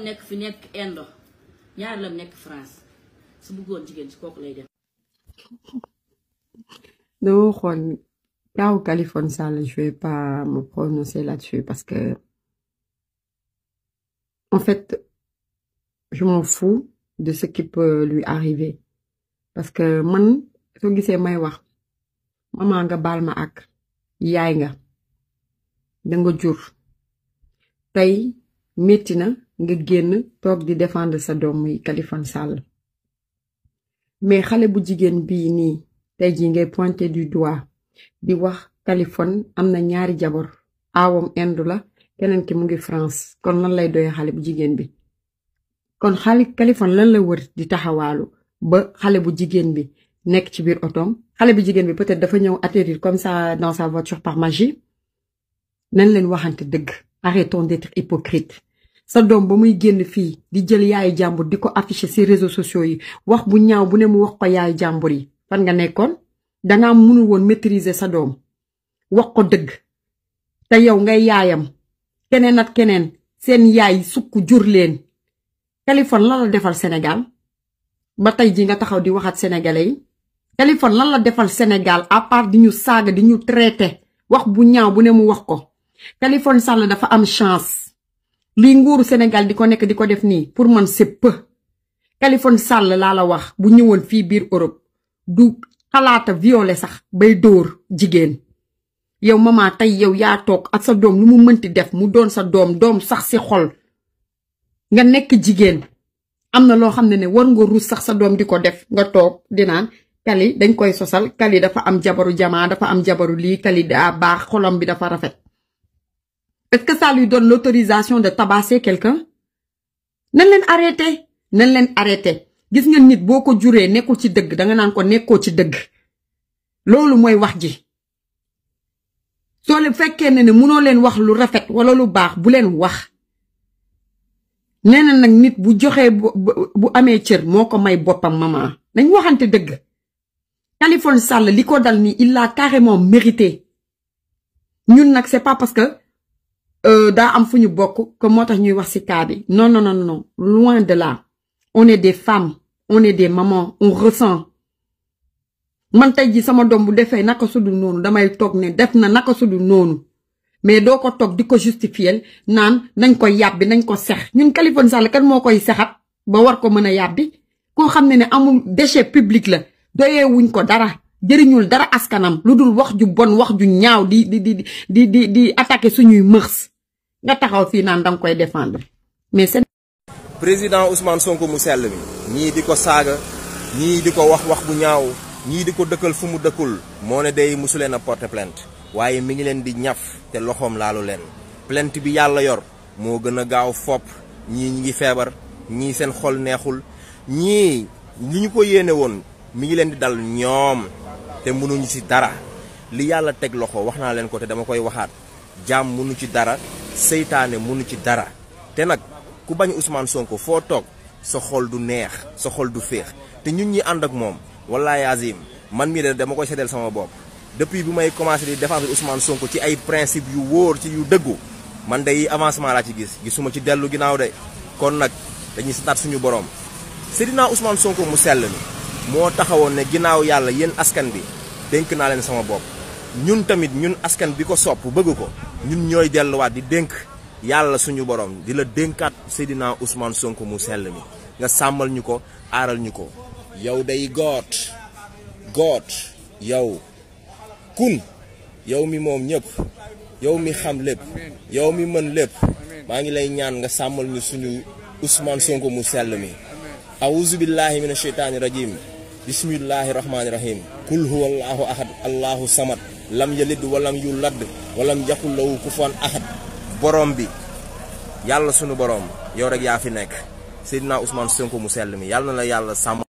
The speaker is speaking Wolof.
nek nekk fi nekk Indo ñaar lam nekk France su bëggoon jigéen ci kooku lay dem. non Juan Kao Californie Sall je vais pas me prononcer là-dessus parce que en fait je m'en fous de ce qui peut lui arriver parce que man soo gisee may wax mama nga baal ma ak yaay nga da nga jur tay metti na nga génn toog di défendre sa doom Kalifon mais xale bu jigéen bii nii du doigt di wax kalifon am na ñaari jabor aawam Inde la France kon lan lay doyee xale bu bi kon xale kalifon lan la wër di taxawaalu ba xale bu jigéen bi nekk ci biir otoom xale peut-être dafa atterrir comme ça dans sa voiture par magie leen waxante dëgg arrêtons d'être hypocrite sa dom ba muy genn fi di jël yaay jambour di ko ci réseaux sociaux yi wax bu ñaaw bu ne mu wax ko yaay jambour yi fan nga da nga mënul won maîtriser sa dom wax ko deug te yow ngay yaayam keneen ak keneen seen yaay sukku jur leen Kaliphone lan la defal Sénégal ba tay ji nga taxaw di waxat sénégalais yi lan la defal Sénégal à part di ñu saga di ñu traiter wax bu ñaaw bu ne mu wax ko Sall dafa am chance li nguuru senegal diko nek diko def ni pour man c'est peu Kalifon Sall la la wax bu ñewon fi bir Europe du xalaata violer sax bay dóor jigen yow mama tay yow ya tok ak sa dom lu mu meunti def mu don sa dom dom sax si xol nga nek jigen amna lo xamne ne war nga sax sa dom di def nga tok di nan Kali dañ koy sosal Kali dafa am jabaru jama dafa am jabaru li Kali da bax xolam bi dafa rafet est-ce que ça lui de tabasser quelqu'un nañ leen arrêté nañ leen arrêté gis nga nit boo ko juree nekkul ci dëgg danga naan ko nekkoo ci dëgg loolu mooy wax ji soo leen fekkee ne ne mënoo leen wax lu rafet wala lu baax bu leen wax nee na nag nit bu joxee bu amee cër moo ko may boppam maman nañ waxante dëgg Khalifa Sall li ko dal ni il l'a carrément mérité ñun nag c'est pas parce que Euh, da am fuñu non non non non loin de là on est des femmes on est des mamans on ressent man tay ji sama dombu bu naka sudu nonu damay tok ne def na naka sudu nonu mais doo ko toog justifier naan nañ ko yabbi nañ ko sex ñun Kaliphone Sall kan mo koy sexat ba war ko y a ko déchet public la doyee wuñ ko dara. jeriñul dara askanam ludul wax ju bon wax ju ñaaw di di di di di di attaquer suñuy mërs nga taxaw fi nan dang koy défendre mais c'est président Ousmane Sonko mu sel mi ñi di saga ñi diko di wax wax bu ñaaw ñi di dekkal fu mu dekkul mo ne day musulena leen porter plainte waye mi ngi di ñaf te la lu len plainte bi yalla yor mo gëna gaaw fop ñi ñi ngi feebar ñi seen xol neexul ñi li ñu ko won mi ngi di dal ñom te mënuñu ci dara li yàlla teg loxo wax naa leen ko te dama koy waxaat jaam mënu ci dara seytaane mënu ci dara te nag ku bañ Ousmane Sonko foo toog sa xol du neex sa xol du féex te ñun ñi ànd ak moom wallaay azim man mii de dama koy seddeel sama bopp depuis bi may commencé di défendre Ousmane Sonko ci ay principe yu wóor ci yu dëggu man day avancement laa ci gis gisuma ci dellu ginnaaw de kon nag dañuy santaat suñu borom Seydina Ousmane Sonko mu sell moo taxawoon ne ginnaaw yàlla yéen askan bi dénk naa leen sama bopp ñun tamit ñun askan bi ko sopp bëgg ko ñun ñooy delluwaat di dénk yàlla suñu borom di la dénkaat Seydina Ousmane sonk mu sell mi nga sàmmal ñu ko aaral ñu ko yow day goot goot yow kun yow mi moom ñëpp yow mi xam lépp yow mi mën lépp maa ngi lay ñaan nga sàmmal ñu suñu Ousmane Sonko mu sell mi awuzu billahi mina sheytaani rajim bismillahi rahmaani rahim kul huwa allahu ahad allahu samad lam yalid walam yulad walam yakul lahu kufuwan ahad borom bi yàlla sunu borom yow rek yaa fi nekk Seydina Ousmane Sonko mu sell mi yàlla na la yàlla sàmm